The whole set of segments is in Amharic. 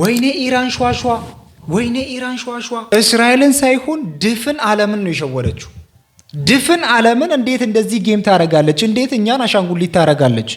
ወይኔ ኢራን ሸዋሸዋ፣ ወይኔ ኢራን ሸዋሸዋ። እስራኤልን ሳይሆን ድፍን ዓለምን ነው የሸወደችው። ድፍን ዓለምን እንዴት እንደዚህ ጌም ታደርጋለች? እንዴት እኛን አሻንጉሊት ታደርጋለች?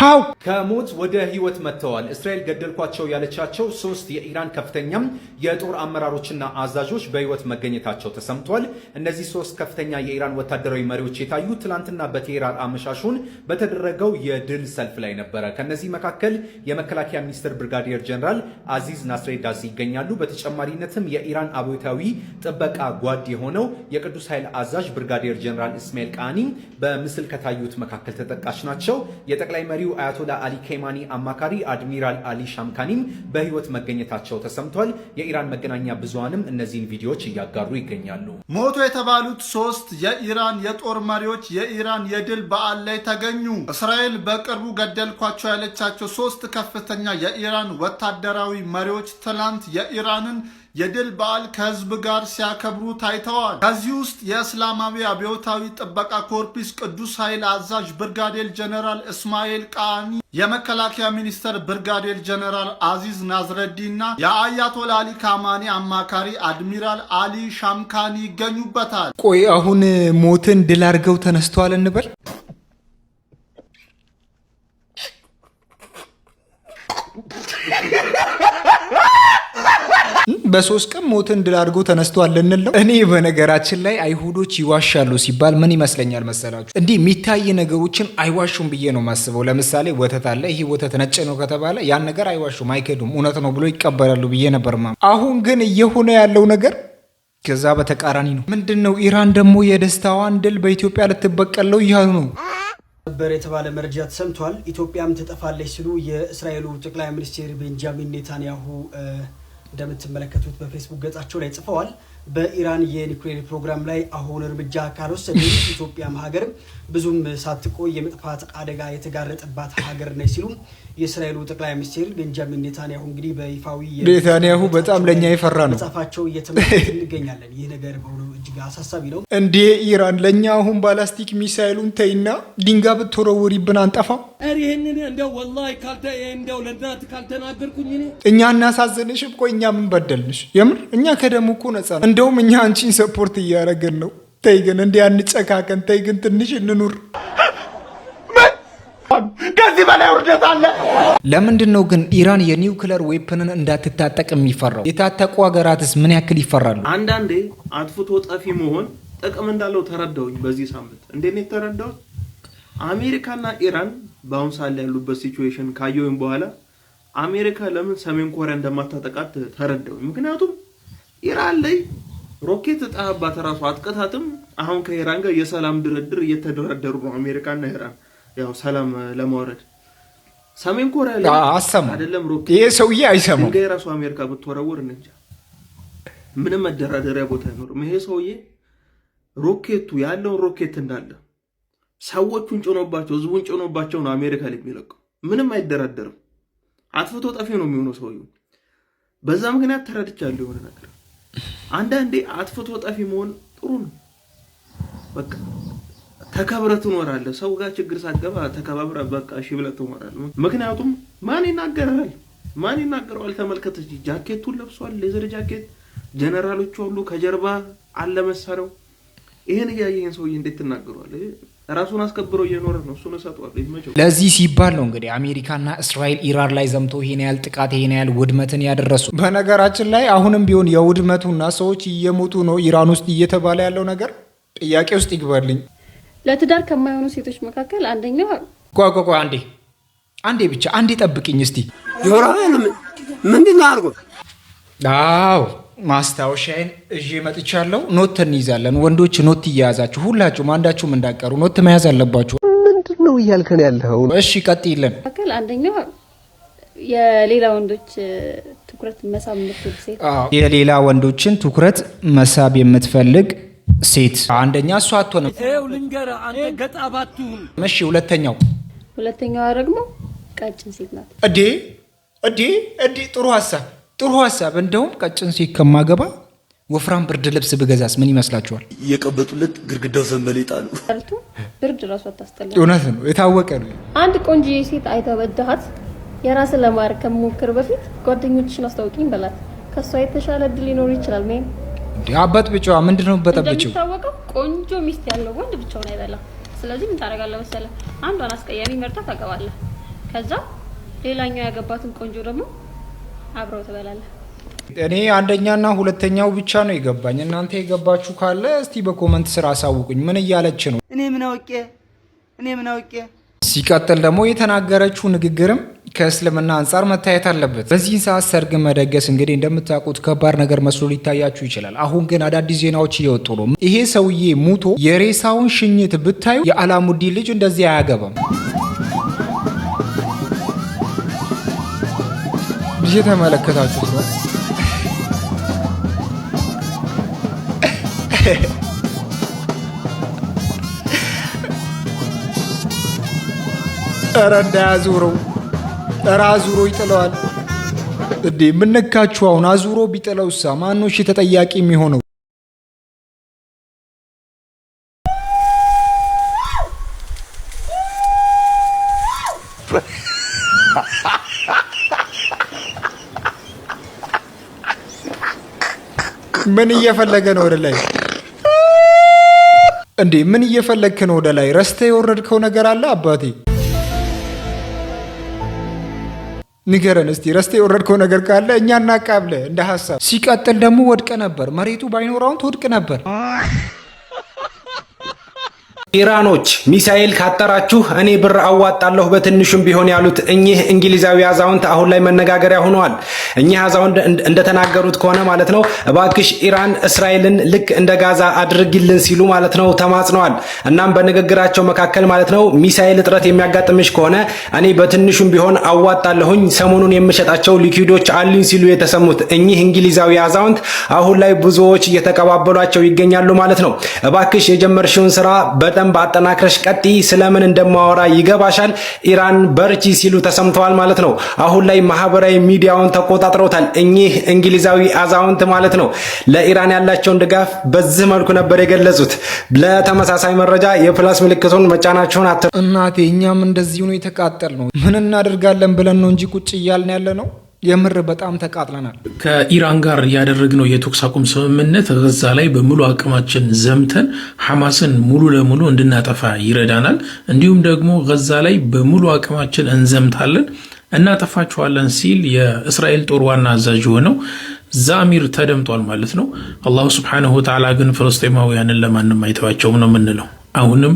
ሀው ከሞት ወደ ህይወት መጥተዋል። እስራኤል ገደልኳቸው ያለቻቸው ሶስት የኢራን ከፍተኛም የጦር አመራሮችና አዛዦች በህይወት መገኘታቸው ተሰምቷል። እነዚህ ሶስት ከፍተኛ የኢራን ወታደራዊ መሪዎች የታዩ ትላንትና በቴህራን አመሻሹን በተደረገው የድል ሰልፍ ላይ ነበረ። ከነዚህ መካከል የመከላከያ ሚኒስትር ብርጋዲየር ጀነራል አዚዝ ናስሬዳዚ ይገኛሉ። በተጨማሪነትም የኢራን አብዮታዊ ጥበቃ ጓድ የሆነው የቅዱስ ኃይል አዛዥ ብርጋዲየር ጀነራል እስማኤል ቃኒ በምስል ከታዩት መካከል ተጠቃሽ ናቸው። የጠቅላይ መሪው የሶማሌው አያቶላ አሊ ኬማኒ አማካሪ አድሚራል አሊ ሻምካኒም በህይወት መገኘታቸው ተሰምቷል። የኢራን መገናኛ ብዙሃንም እነዚህን ቪዲዮዎች እያጋሩ ይገኛሉ። ሞቶ የተባሉት ሶስት የኢራን የጦር መሪዎች የኢራን የድል በዓል ላይ ተገኙ። እስራኤል በቅርቡ ገደልኳቸው ያለቻቸው ሶስት ከፍተኛ የኢራን ወታደራዊ መሪዎች ትላንት የኢራንን የድል በዓል ከህዝብ ጋር ሲያከብሩ ታይተዋል። ከዚህ ውስጥ የእስላማዊ አብዮታዊ ጥበቃ ኮርፒስ ቅዱስ ኃይል አዛዥ ብርጋዴር ጀነራል እስማኤል ቃኒ፣ የመከላከያ ሚኒስተር ብርጋዴር ጀነራል አዚዝ ናዝረዲ እና የአያቶላ አሊ ካማኒ አማካሪ አድሚራል አሊ ሻምካኒ ይገኙበታል። ቆይ አሁን ሞትን ድል አድርገው ተነስተዋል እንበል። በሶስት ቀን ሞትን ድል አድርጎ ተነስቷል ልንል ነው። እኔ በነገራችን ላይ አይሁዶች ይዋሻሉ ሲባል ምን ይመስለኛል መሰላችሁ? እንዲህ የሚታይ ነገሮችን አይዋሹም ብዬ ነው ማስበው። ለምሳሌ ወተት አለ። ይሄ ወተት ነጭ ነው ከተባለ ያን ነገር አይዋሹም፣ አይከዱም፣ እውነት ነው ብሎ ይቀበላሉ ብዬ ነበር። አሁን ግን እየሆነ ያለው ነገር ከዛ በተቃራኒ ነው። ምንድን ነው? ኢራን ደግሞ የደስታዋን ድል በኢትዮጵያ ልትበቀለው እያሉ ነው ነበር የተባለ መረጃ ተሰምቷል። ኢትዮጵያም ትጠፋለች ሲሉ የእስራኤሉ ጠቅላይ ሚኒስትር ቤንጃሚን ኔታንያሁ እንደምትመለከቱት በፌስቡክ ገጻቸው ላይ ጽፈዋል። በኢራን የኒውክሌር ፕሮግራም ላይ አሁን እርምጃ ካልወሰደ ኢትዮጵያም ሀገርም ብዙም ሳትቆይ የመጥፋት አደጋ የተጋረጠባት ሀገር ነች ሲሉም የእስራኤሉ ጠቅላይ ሚኒስትር ቤንጃሚን ኔታንያሁ እንግዲህ በይፋዊ ኔታንያሁ በጣም ለእኛ የፈራ ነው መጻፋቸው እየተመለከት እንገኛለን። ይህ ነገር በሆነው እጅግ አሳሳቢ ነው። እንዴ ኢራን ለእኛ አሁን ባላስቲክ ሚሳይሉን ተይና ድንጋይ ብትወረውሪብን አንጠፋም። ይህንን እንደው ወላሂ እንደው ለእናት ካልተናገርኩኝ እኛ እናሳዘንሽም። ቆይ እኛ ምን በደልንሽ? የምር እኛ ከደሙ እኮ ነጻ እንደውም እኛ አንቺን ሰፖርት እያደረገን ነው። ተይ ግን እንዲህ አንጨካከን። ተይ ግን ትንሽ እንኑር። ከዚህ በላይ ውርደት አለ? ለምንድን ነው ግን ኢራን የኒውክለር ዌፕንን እንዳትታጠቅ የሚፈራው? የታጠቁ ሀገራትስ ምን ያክል ይፈራሉ? አንዳንዴ አጥፍቶ ጠፊ መሆን ጥቅም እንዳለው ተረዳውኝ በዚህ ሳምንት እንዴት ነው አሜሪካና ኢራን በአሁኑ ሰዓት ያሉበት ሲቹዌሽን ካየውኝ በኋላ አሜሪካ ለምን ሰሜን ኮሪያ እንደማታጠቃት ተረዳውኝ። ምክንያቱም ኢራን ላይ ሮኬት ጣህባት ራሱ አጥቅታትም አሁን ከኢራን ጋር የሰላም ድርድር እየተደረደሩ ነው አሜሪካና ኢራን ያው ሰላም ለማውረድ ሰሜን ኮሪያ ላይ አሰማ አይደለም ሮኬት ይሄ ሰውዬ አይሰማም። ድንጋይ ራሱ አሜሪካ ብትወረውር እንጃ ምንም መደራደሪያ ቦታ አይኖርም። ይሄ ሰውዬ ሮኬቱ ያለውን ሮኬት እንዳለ ሰዎቹን ጭኖባቸው ህዝቡን ጭኖባቸው ነው አሜሪካ ላይ የሚለቀው። ምንም አይደራደርም። አጥፍቶ ጠፊ ነው የሚሆነው ሰውዬው። በዛ ምክንያት ተረድቻለሁ የሆነ ነገር አንዳንዴ አጥፍቶ ጠፊ መሆን ጥሩ ነው በቃ ተከብረ ትኖራለ። ሰው ጋር ችግር ሳገባ ተከባብረ በቃ እሺ ብለ ትኖራለህ። ምክንያቱም ማን ይናገራል? ማን ይናገረዋል? ተመልከተ ጃኬቱን ለብሷል፣ ሌዘር ጃኬት። ጀነራሎቹ አሉ፣ ከጀርባ አለ መሳሪያው። ይህን እያየ ይህን ሰውዬ እንዴት ትናገረዋል? ራሱን አስከብሮ እየኖረ ነው። እሱን እሰጠዋለሁ ለዚህ ሲባል ነው እንግዲህ አሜሪካና እስራኤል ኢራን ላይ ዘምቶ ይሄን ያህል ጥቃት ይሄን ያህል ውድመትን ያደረሱ። በነገራችን ላይ አሁንም ቢሆን የውድመቱና ሰዎች እየሞቱ ነው ኢራን ውስጥ እየተባለ ያለው ነገር ጥያቄ ውስጥ ይግባልኝ። ለትዳር ከማይሆኑ ሴቶች መካከል አንደኛው ቆይ ቆይ ቆይ አንዴ አንዴ ብቻ አንዴ ጠብቅኝ እስቲ ጆሮ ምንድን ነው አድርጎ አዎ ማስታወሻዬን እዤ መጥቻለሁ ኖት እንይዛለን ወንዶች ኖት እያያዛችሁ ሁላችሁም አንዳችሁም እንዳቀሩ ኖት መያዝ አለባችሁ ምንድን ነው እያልከን ያለው እሺ ቀጥይልን መካከል አንደኛው የሌላ ወንዶች ትኩረት መሳብ የምትፈልግ ሴት የሌላ ወንዶችን ትኩረት መሳብ የምትፈልግ ሴት አንደኛ እሷ አትሆንም። ይኸው ልንገርህ አንተ ገጣ ባትሁን። እሺ ሁለተኛው ሁለተኛዋ ደግሞ ቀጭን ሴት ናት። እዴ እዴ እዴ ጥሩ ሀሳብ ጥሩ ሀሳብ። እንደውም ቀጭን ሴት ከማገባ ወፍራም ብርድ ልብስ ብገዛስ ምን ይመስላችኋል? እየቀበጡለት ግድግዳው ዘንበል ይጣሉ። ብርድ ራሱ አታስጠላ። እውነት ነው፣ የታወቀ ነው። አንድ ቆንጆ ሴት አይተበድሃት የራስ ለማድረግ ከመሞክር በፊት ጓደኞችን አስታውቂኝ በላት። ከእሷ የተሻለ እድል ሊኖር ይችላል ወይም አባት ብቻዋ ምንድነው በጠብጭው? እንደሚታወቀው ቆንጆ ሚስት ያለው ወንድ ብቻውን አይበላም። ስለዚህ ምን ታደርጋለህ መሰለህ? አንዷን አስቀያሚ መርጣ ታገባለህ። ከዛ ሌላኛው ያገባትን ቆንጆ ደግሞ አብረው ትበላለህ። እኔ አንደኛና ሁለተኛው ብቻ ነው የገባኝ። እናንተ የገባችሁ ካለ እስቲ በኮመንት ስራ አሳውቁኝ። ምን እያለች ነው? እኔ ምን አውቄ እኔ ምን አውቄ። ሲቀጥል ደግሞ የተናገረችው ንግግርም ከእስልምና አንጻር መታየት አለበት። በዚህን ሰዓት ሰርግ መደገስ እንግዲህ እንደምታውቁት ከባድ ነገር መስሎ ሊታያችሁ ይችላል። አሁን ግን አዳዲስ ዜናዎች እየወጡ ነው። ይሄ ሰውዬ ሙቶ የሬሳውን ሽኝት ብታዩ የአላሙዲን ልጅ እንደዚህ አያገባም። ተመለከታችሁት ነው። ኧረ እንዳያዙረው እረ አዙሮ ይጥለዋል እንዴ! የምነካችሁ አሁን አዙሮ ቢጥለውሳ ማነው እሺ ተጠያቂ የሚሆነው? ምን እየፈለገ ነው ወደ ላይ? እንዴ ምን እየፈለግክ ነው ወደ ላይ? ረስተህ የወረድከው ነገር አለ አባቴ ንገረን እስቲ ረስተ የወረድከው ነገር ካለ እኛ እናቃብለ እንደ ሀሳብ። ሲቀጥል ደግሞ ወድቀ ነበር፣ መሬቱ ባይኖራውን ትወድቅ ነበር። ኢራኖች ሚሳኤል ካጠራችሁ እኔ ብር አዋጣለሁ በትንሹም ቢሆን ያሉት እኚህ እንግሊዛዊ አዛውንት አሁን ላይ መነጋገሪያ ሆነዋል። እኚህ አዛውንት እንደተናገሩት ከሆነ ማለት ነው እባክሽ ኢራን እስራኤልን ልክ እንደ ጋዛ አድርጊልን ሲሉ ማለት ነው ተማጽነዋል። እናም በንግግራቸው መካከል ማለት ነው ሚሳኤል እጥረት የሚያጋጥምሽ ከሆነ እኔ በትንሹም ቢሆን አዋጣለሁኝ፣ ሰሞኑን የምሸጣቸው ሊኪዶች አሉኝ ሲሉ የተሰሙት እኚህ እንግሊዛዊ አዛውንት አሁን ላይ ብዙዎች እየተቀባበሏቸው ይገኛሉ ማለት ነው። እባክሽ የጀመርሽውን ስራ በጣም በደንብ አጠናክረሽ ቀጥይ። ስለምን እንደማወራ ይገባሻል። ኢራን በርቺ ሲሉ ተሰምተዋል ማለት ነው። አሁን ላይ ማህበራዊ ሚዲያውን ተቆጣጥረውታል እኚህ እንግሊዛዊ አዛውንት ማለት ነው። ለኢራን ያላቸውን ድጋፍ በዚህ መልኩ ነበር የገለጹት። ለተመሳሳይ መረጃ የፕላስ ምልክቱን መጫናችሁን አት እናቴ እኛም እንደዚህ ነው የተቃጠል ነው። ምን እናደርጋለን ብለን ነው እንጂ ቁጭ እያልን ያለ ነው። የምር በጣም ተቃጥለናል። ከኢራን ጋር ያደረግነው የተኩስ አቁም ስምምነት ጋዛ ላይ በሙሉ አቅማችን ዘምተን ሐማስን ሙሉ ለሙሉ እንድናጠፋ ይረዳናል። እንዲሁም ደግሞ ጋዛ ላይ በሙሉ አቅማችን እንዘምታለን እናጠፋችኋለን ሲል የእስራኤል ጦር ዋና አዛዥ የሆነው ዛሚር ተደምጧል ማለት ነው። አላሁ ስብሓነሁ ወተዓላ ግን ፍልስጤማውያንን ለማንም አይተዋቸውም ነው የምንለው። አሁንም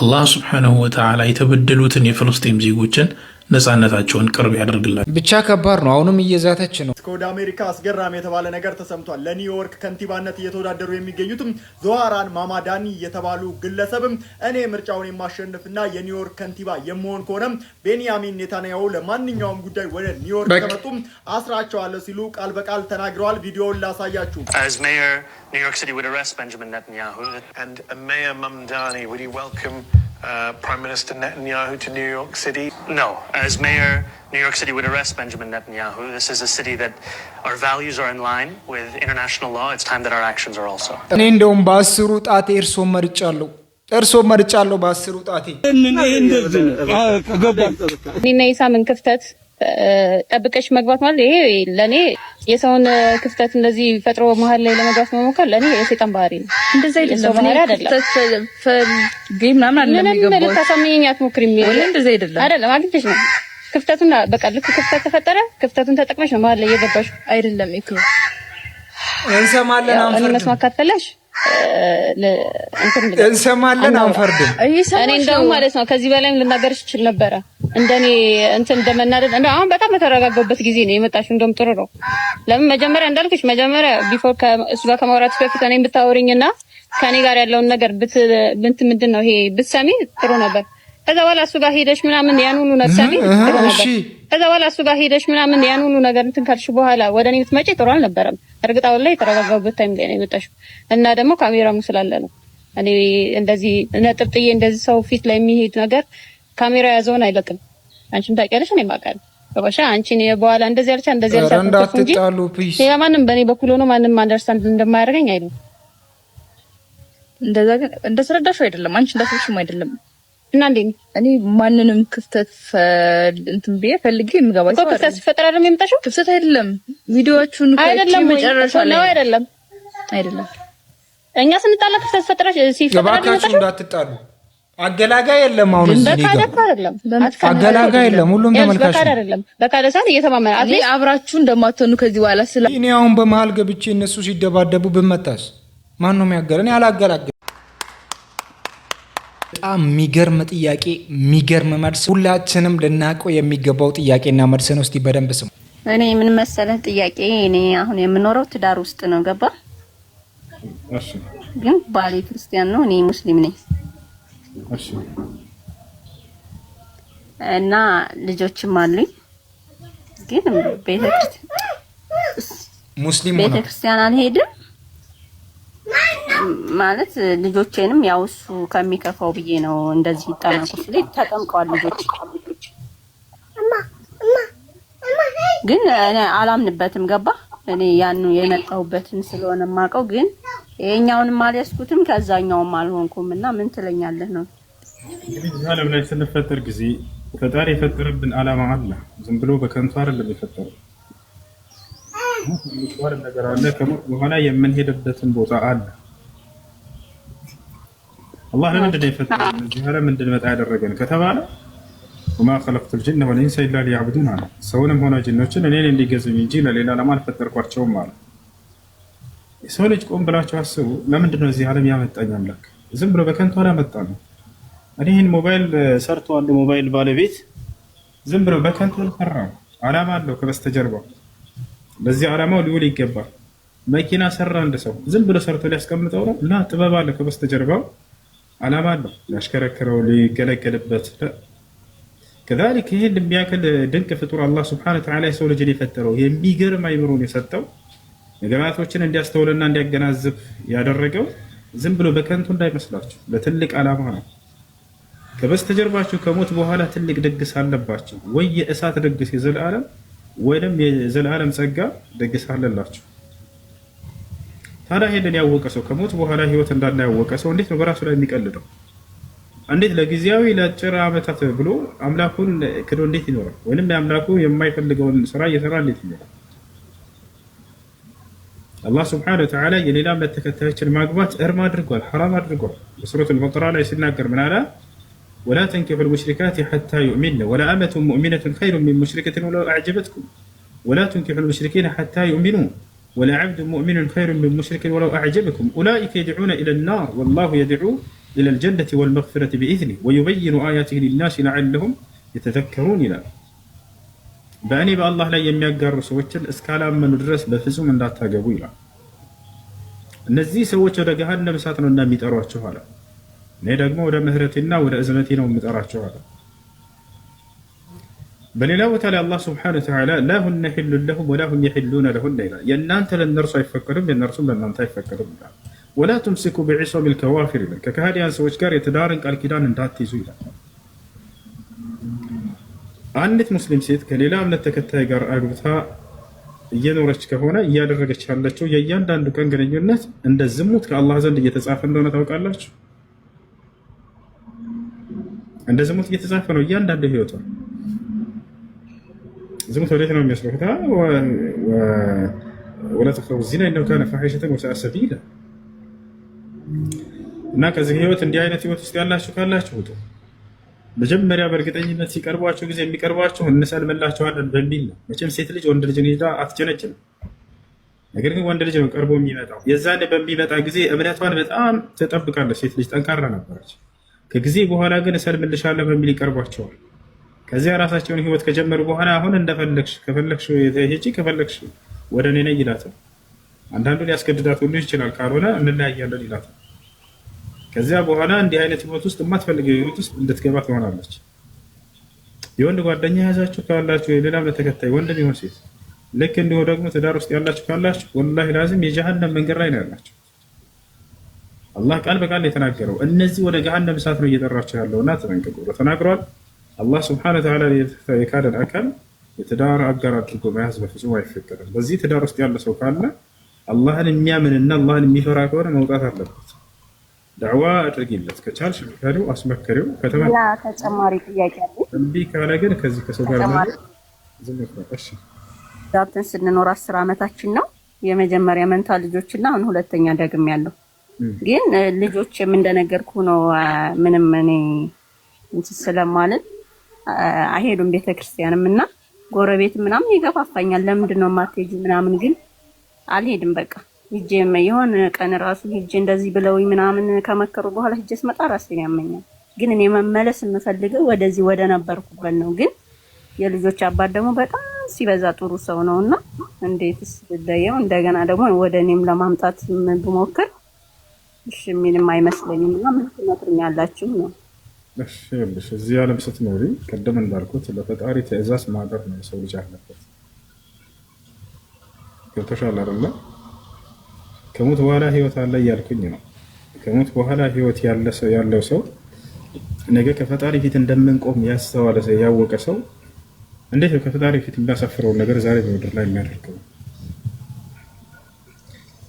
አላህ ስብሓነሁ ወተዓላ የተበደሉትን የፍልስጤም ዜጎችን ነጻነታቸውን ቅርብ ያደርግላል። ብቻ ከባድ ነው። አሁንም እየዛተች ነው። ወደ አሜሪካ አስገራሚ የተባለ ነገር ተሰምቷል። ለኒውዮርክ ከንቲባነት እየተወዳደሩ የሚገኙትም ዞሃራን ማማዳኒ የተባሉ ግለሰብም እኔ ምርጫውን የማሸንፍና የኒውዮርክ ከንቲባ የመሆን ከሆነም ቤንያሚን ኔታንያሁ ለማንኛውም ጉዳይ ወደ ኒውዮርክ ከመጡም አስራቸዋለሁ ሲሉ ቃል በቃል ተናግረዋል። ቪዲዮውን ላሳያችሁ። ኒውዮርክ ሲቲ ውድ አረስት ቤንጃሚን ኔታንያሁ Uh, Prime Minister Netanyahu to New York City? No. As mayor, New York City would arrest Benjamin Netanyahu. This is a city that our values are in line with international law. It's time that our actions are also. እርሶ መርጫለሁ በአስሩ ጣቴ እኔና ክፍተት ጠብቀሽ መግባት ማለት ይሄ ለእኔ የሰውን ክፍተት እንደዚህ ፈጥሮ መሀል ላይ ለመግባት መሞከር ለእኔ የሴጣን ባህሪ ነው። እንደዚህ አይደለም ባህሪ አይደለም። ጌም ምናምን አይደለም። ምንም ልታሳምኚኝ አይደለም አይደለም። አግኝተሽ ነው ክፍተቱን በቃ ልክ ክፍተት ተፈጠረ፣ ክፍተቱን ተጠቅመሽ ነው መሀል ላይ የገባሽ አይደለም። ይክሩ እንሰማለን። አንፈርድም። መስማት ካፈለሽ እንሰማለን፣ አንፈርድም። እኔ እንደውም ማለት ነው ከዚህ በላይም ልናገር ይችል ነበረ። እንደኔ እንትን እንደመናደድ እንደ አሁን በጣም በተረጋጋሁበት ጊዜ ነው የመጣሽው። እንደውም ጥሩ ነው። ለምን መጀመሪያ እንዳልኩሽ መጀመሪያ ቢፎር ከእሱ ጋር ከማውራት በፊት እኔም ብታወሪኝና ከኔ ጋር ያለውን ነገር ብት ምንድን ነው ይሄ ብትሰሚ ጥሩ ነበር። ከዛ በኋላ እሱ ጋር ሄደሽ ምናምን ያን ሁሉ ነገር እሺ፣ ከዛ በኋላ እሱ ጋር ሄደሽ ምናምን ያን ሁሉ ነገር እንትን ካልሽ በኋላ ወደ እኔ ብትመጪ ጥሩ አልነበረም። እርግጣው ላይ የተረጋጋሁበት ታይም ላይ ነው የመጣሽው እና ደግሞ ካሜራሙ ስላለ ነው እኔ እንደዚህ ነጥብ እንደዚህ ሰው ፊት ላይ የሚሄድ ነገር ካሜራ ያዘውን አይለቅም። አንቺም ታውቂያለሽ፣ እኔም አውቃለሁ። ገባሽ? አንቺ ነው በኋላ እንደዚህ አልቻ እንደዚህ አልቻ እንጂ ሌላ ማንም በእኔ በኩል ሆኖ ማንም አንደርስታንድ እንደማያደርገኝ አይደለም። እንደዛ ግን እንደተረዳሽው አይደለም አንቺ እንዳሰብሽው አይደለም እና እንዴ እኔ ማንንም ክፍተት እንትን ብዬ ፈልጌ የምገባ እኮ ክፍተት ሲፈጠር አይደለም የምታሽው። ክፍተት አይደለም ቪዲዮዎቹን አይደለም መጨረሻ ላይ አይደለም አይደለም እኛ ስንጣላ ክፍተት ሲፈጠር ሲፈጠር አይደለም እንዳትጣሉ። አገላጋ የለም። አሁን እዚህ ጋር አገላጋ የለም። ሁሉም ተመልካች አይደለም። በካደ ሰዓት እየተማመነ አትሊስት አብራችሁ እንደማትሆኑ ከዚህ በኋላ ስለ እኔ አሁን በመሀል ገብቼ እነሱ ሲደባደቡ ብመታስ ማን ነው የሚያገለ? እኔ አላገላግል በጣም የሚገርም ጥያቄ፣ የሚገርም መልስ፣ ሁላችንም ልናውቀው የሚገባው ጥያቄና ነው ስ በደንብ ስሙ። እኔ ምን መሰለህ ጥያቄ እኔ አሁን የምኖረው ትዳር ውስጥ ነው ገባ ግን ባሌ ክርስቲያን ነው፣ እኔ ሙስሊም ነኝ እና ልጆችም አሉኝ። ግን ቤተክርስቲያን ሙስሊም ቤተክርስቲያን አልሄድም ማለት ልጆቼንም ያው እሱ ከሚከፋው ብዬ ነው እንደዚህ ይጠመቁ ስል ተጠምቀዋል። ልጆች ግን እኔ አላምንበትም። ገባ እኔ ያኑ የመጣሁበትን ስለሆነ ማቀው ግን ይሄኛውንም አልያዝኩትም ከዛኛውም አልሆንኩም። እና ምን ትለኛለህ ነው እንግዲህ ዓለም ላይ ስንፈጠር ጊዜ ፈጣሪ የፈጠረብን አላማ አለ። ዝም ብሎ በከንቱ አይደለም የፈጠረው የሚባል ነገር አለ። ከሞት በኋላ የምንሄድበትን ቦታ አለ። አላህ ለምንድን ነው የፈጠረን? እዚህ ዓለም እንድንመጣ ያደረገን ከተባለ ወማ ኸለቅቱል ጅነ ወል ኢላ ሊያዕቡዱን አለ። ሰውንም ሆነ ጅኖችን እኔን እንዲገዙኝ እንጂ ለሌላ ዓላማ አልፈጠርኳቸውም አለ። የሰው ልጅ ቆም ብላችሁ አስቡ። ለምንድን ነው እዚህ ዓለም ያመጣኝ አምላክ? ዝም ብሎ በከንቱ አላመጣ ነው። እኔ ይህን ሞባይል ሰርቶ አንድ ሞባይል ባለቤት ዝም ብሎ በከንቱ አልሰራም። ዓላማ አለው ከበስተጀርባው ለዚህ ዓላማው ሊውል ይገባል። መኪና ሰራ አንድ ሰው ዝም ብሎ ሰርቶ ሊያስቀምጠው ነው እና ጥበብ አለ ከበስተጀርባው ዓላማ አለው ሊያሽከረክረው ሊገለገልበት። ከዛሊክ ይህን የሚያክል ድንቅ ፍጡር አላህ ስብሐነ ወተዓላ የሰው ልጅን የፈጠረው የሚገርም አይምሮን የሰጠው ነገራቶችን እንዲያስተውልና እንዲያገናዝብ ያደረገው ዝም ብሎ በከንቱ እንዳይመስላችሁ ለትልቅ ዓላማ ነው። ከበስተጀርባችሁ ከሞት በኋላ ትልቅ ድግስ አለባቸው ወይ የእሳት ድግስ የዘለዓለም ወይንም የዘላለም ጸጋ ደግሳለላችሁ። ታዲያ ይሄንን ያወቀ ሰው ከሞት በኋላ ህይወት እንዳለ ያወቀ ሰው እንዴት ነው በራሱ ላይ የሚቀልደው? እንዴት ለጊዜያዊ ለአጭር ዓመታት ብሎ አምላኩን ክዶ እንዴት ይኖራል? ወይንም የአምላኩ የማይፈልገውን ስራ እየሰራ እንዴት ይኖራል? አላህ ስብሐነሁ ወተዓላ የሌላ እምነት ተከታዮችን ማግባት እርም አድርጓል፣ ሐራም አድርጓል። በሱረቱል በቀራ ላይ ሲናገር ምናላ ولا تنكح المشركات حتى يؤمن ولا أمة مؤمنة خير من مشركة ولو أعجبتكم ولا تنكح المشركين حتى يؤمنوا ولا عبد مؤمن خير من مشرك ولو أعجبكم أولئك يدعون إلى النار والله يدعو إلى الجنة والمغفرة بإذنه ويبين آياته للناس لعلهم يتذكرون إلى በእኔ በአላህ ላይ የሚያጋሩ ሰዎችን እስካላመኑ ድረስ በፍጹም እንዳታገቡ ይላል። እነዚህ ሰዎች ወደ ገሃነም እሳት ነው እና የሚጠሯቸው አለ። እኔ ደግሞ ወደ ምህረቴና ወደ እዝነቴ ነው የምጠራቸው አለ። በሌላ ቦታ ላይ አላህ ስብሐነሁ ወተዓላ ላሁነ ሒሉን ለሁም ወላሁም የሒሉነ ለሁነ ይላል። የእናንተ ለእነርሱ አይፈቀዱም፣ የእነርሱም ለእናንተ አይፈቀዱም ይላል። ወላ ቱምሲኩ ቢዒሶሚል ከዋፊር ይላል። ከካህዲያን ሰዎች ጋር የትዳርን ቃል ኪዳን እንዳትይዙ ይላል። አንዲት ሙስሊም ሴት ከሌላ እምነት ተከታይ ጋር አግብታ እየኖረች ከሆነ እያደረገች ያለችው የእያንዳንዱ ቀን ግንኙነት እንደ ዝሙት ከአላህ ዘንድ እየተጻፈ እንደሆነ ታውቃላችሁ። እንደ ዝሙት እየተጻፈ ነው እያንዳንዱ ህይወቷ። ዝሙት ወዴት ነው የሚወስደው? ታ ወላ ተቅረቡ ዚና ኢነሁ ካነ ፋሒሸተን ወሰአ ሰቢላ። እና ከዚህ ህይወት እንዲህ አይነት ህይወት ውስጥ ያላችሁ ካላችሁ ውጡ። መጀመሪያ በእርግጠኝነት ሲቀርቧችሁ ጊዜ የሚቀርቧችሁ እንሰልምላቸዋለን በሚል ነው። መቼም ሴት ልጅ ወንድ ልጅን ሄዳ አትጀነጭንም። ነገር ግን ወንድ ልጅ ነው ቀርቦ የሚመጣው። የዛኔ በሚመጣ ጊዜ እምነቷን በጣም ትጠብቃለች። ሴት ልጅ ጠንካራ ነበረች። ከጊዜ በኋላ ግን እሰልምልሻለሁ በሚል ይቀርቧቸዋል። ከዚያ ራሳቸውን ህይወት ከጀመሩ በኋላ አሁን እንደፈለግሽ ከፈለግሽ ሂጂ ከፈለግሽ ወደ እኔ ነይ ይላታል። አንዳንዱ ሊያስገድዳት ሁሉ ይችላል። ካልሆነ እንለያያለን ይላታል። ከዚያ በኋላ እንዲህ አይነት ህይወት ውስጥ የማትፈልገው ህይወት ውስጥ እንድትገባ ትሆናለች። የወንድ ጓደኛ የያዛችሁ ካላችሁ ሌላም ለተከታይ ወንድም ይሆን ሴት ልክ እንዲሁ ደግሞ ትዳር ውስጥ ያላችሁ ካላችሁ ወላሂ ላዚም የጀሃነም መንገድ ላይ ነው ያላችሁ። አላህ ቃል በቃል የተናገረው እነዚህ ወደ ገሃነም እሳት ነው እየጠራቸው ያለውና ተጠንቀቁ ብሎ ተናግሯል። አላህ ስብሐነ ወተዓላ የካደን አካል የትዳር አጋር አድርጎ መያዝ በፍጹም አይፈቀድም። በዚህ ትዳር ውስጥ ያለ ሰው ካለ አላህን የሚያምንና አላህን የሚፈራ ከሆነ መውጣት አለበት። ዳዕዋ አድርጊለት ከቻልሽ፣ ምክሪው፣ አስመከሪው። ተጨማሪ ጥያቄ እምቢ ካለ ግን ከዚህ ከሰው ጋር ዛብተን ስንኖር አስር ዓመታችን ነው። የመጀመሪያ መንታ ልጆችና አሁን ሁለተኛ ደግም ያለው ግን ልጆችም እንደነገርኩ ነው። ምንም እኔ እንትን ስለማልን አይሄዱም ቤተክርስቲያንም እና ጎረቤት ምናምን ይገፋፋኛል። ለምንድን ነው የማትሄጂው ምናምን ግን አልሄድም። በቃ ሂጄ የሆነ ቀን ራሱ ሂጄ እንደዚህ ብለው ምናምን ከመከሩ በኋላ ሂጄ ስመጣ ራሴን ያመኛል። ግን እኔ መመለስ የምፈልገው ወደዚህ ወደ ነበርኩበት ነው። ግን የልጆች አባት ደግሞ በጣም ሲበዛ ጥሩ ሰው ነው እና እንዴትስ ብለየው እንደገና ደግሞ ወደ እኔም ለማምጣት ብሞክር እሺ ምንም አይመስለኝም። እና ምን ትመክሩኛላችሁ ነው? እሺ ይኸውልሽ፣ እዚህ ዓለም ስትኖሪ ቅድም እንዳልኩት ለፈጣሪ ትእዛዝ ማድረግ ነው የሰው ልጅ አለበት። ገብቶሻል አይደለ? ከሞት በኋላ ህይወት አለ እያልኩኝ ነው። ከሞት በኋላ ህይወት ያለው ሰው ነገ ከፈጣሪ ፊት እንደምንቆም ያስተዋለ ሰው ያወቀ ሰው እንዴት ከፈጣሪ ፊት የሚያሳፍረውን ነገር ዛሬ በምድር ላይ የሚያደርገው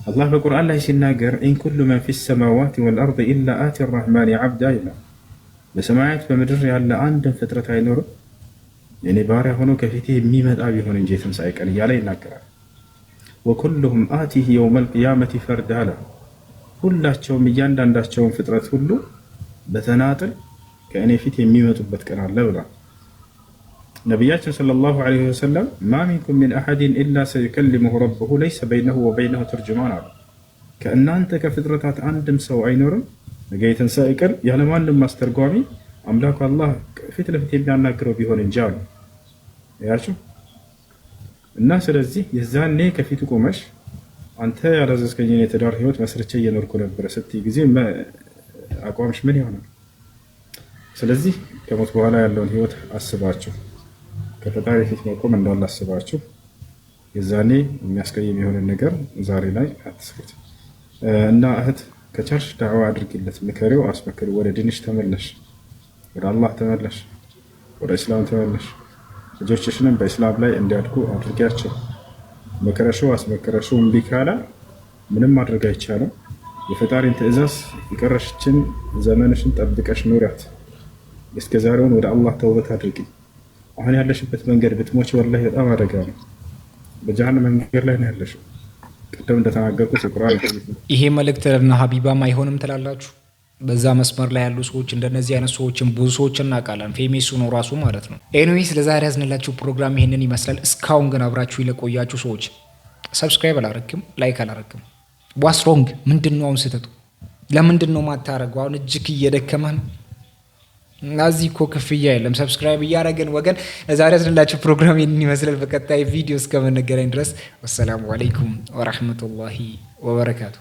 አላህ በቁርአን ላይ ሲናገር ኢንኩሉ መን ፊ ሰማዋት ወልአርድ ኢላ አቲ ራሕማን ዓብዳ ይላል። በሰማያት በምድር ያለ አንድን ፍጥረት አይኖርም የኔ ባሪያ ሆኖ ከፊቴ የሚመጣ ቢሆን እንጂ የትንሣኤ ቀን እያለ ይናገራል። ወኩሉሁም አቲህ የውመል ቅያመቲ ፈርድ አለ። ሁላቸውም እያንዳንዳቸውን ፍጥረት ሁሉ በተናጥል ከእኔ ፊት የሚመጡበት ቀን አለ ብሏል። ነቢያችን ሰለላሁ ዐለይሂ ወሰለም ማ ሚንኩም ሚን አሐድን ኢላ ሰዩከልሙሁ ረብሁ ለይሰ በይነሁ ወበይነሁ ተርጅማን አሉ። ከእናንተ ከፍጥረታት አንድም ሰው አይኖርም ነገ የትንሣኤ ቀን ያለማንም አስተርጓሚ አምላኩ አላህ ፊት ለፊት የሚያናግረው ቢሆን እንጂ አሉ ያቸው እና ስለዚህ የዛኔ ከፊት ቆመሽ አንተ ያላዘዝከኝን የትዳር ህይወት መስርቼ እየኖርኩ ነበረ ስትይ ጊዜ አቋምሽ ምን ይሆናል? ስለዚህ ከሞት በኋላ ያለውን ህይወት አስባችሁ ከፈጣሪ ፊት መቆም እንዳላስባችሁ የዛኔ የሚያስቀይም የሆነ ነገር ዛሬ ላይ አትስት እና እህት ከቻልሽ ዳዕዋ አድርጊለት፣ ምከሪው፣ አስመክሪ ወደ ድንሽ ተመለሽ፣ ወደ አላህ ተመለሽ፣ ወደ እስላም ተመለሽ። ልጆችሽንም በእስላም ላይ እንዲያድጉ አድርጊያቸው። መከረሽው፣ አስመከረሽው እምቢ ካላ ምንም ማድረግ አይቻልም። የፈጣሪን ትእዛዝ የቀረሽችን ዘመንሽን ጠብቀሽ ኑሪያት። እስከዛሬውን ወደ አላህ ተውበት አድርጊ። አሁን ያለሽበት መንገድ ብትሞች ወላሂ በጣም አደጋ ነው። በጀሃነም መንገድ ላይ ነው ያለሽው። ቅድም እንደተናገርኩት ቁርአን ይሄ መልእክት ለእነ ሀቢባም አይሆንም ትላላችሁ? በዛ መስመር ላይ ያሉ ሰዎች እንደነዚህ አይነት ሰዎችን ብዙ ሰዎች እናውቃለን። ፌሜሱ ነው ራሱ ማለት ነው። ኤኒዌይስ ለዛሬ ያዝንላችሁ ፕሮግራም ይሄንን ይመስላል። እስካሁን ግን አብራችሁ ለቆያችሁ ሰዎች ሰብስክራይብ አላረግም፣ ላይክ አላረግም። ዋስሮንግ ምንድን ነው አሁን ስህተቱ? ለምንድን ነው ማታረገው? አሁን እጅግ እየደከመህ ነው። እዚህ እኮ ክፍያ የለም። ሰብስክራይብ እያደረግን ወገን ዛሬ ያስደላቸው ፕሮግራም ይህንን ይመስላል። በቀጣይ ቪዲዮ እስከምንገናኝ ድረስ ወሰላሙ አለይኩም ወረህመቱላሂ ወበረካቱ።